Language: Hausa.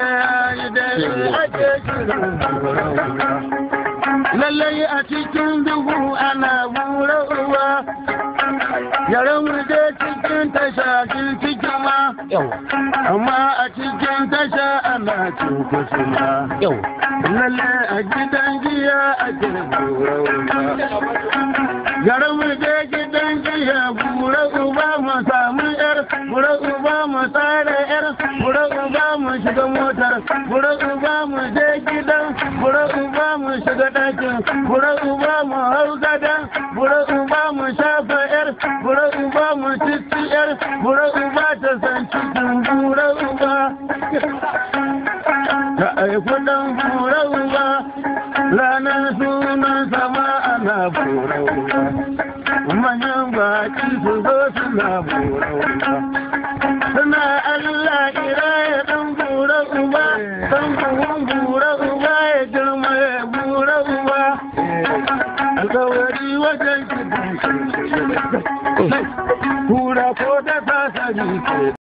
lallai a cikin duhu ana bura ruwa yaran wuje cikin tasha cikin ma amma a cikin tasha ana cikin suna lallai a gidan giya a bura ruwa yaran wuje gidan giya bura uwa mu samu yar bura uwa mu tsara yar bura mu shiga motar bura uba mu je gidan bura uba mu shiga ɗakin bura uba mu hau gada bura uba mu shafa yar bura uba mu cici yar bura uba ta san cikin bura uba ta aiku dan bura uba ranar sunan sama ana bura uba manyan baki su zo suna bura uba Sambuwan bura uba ya girma ya bura uba. Alkawari wajen ko ta sasa ni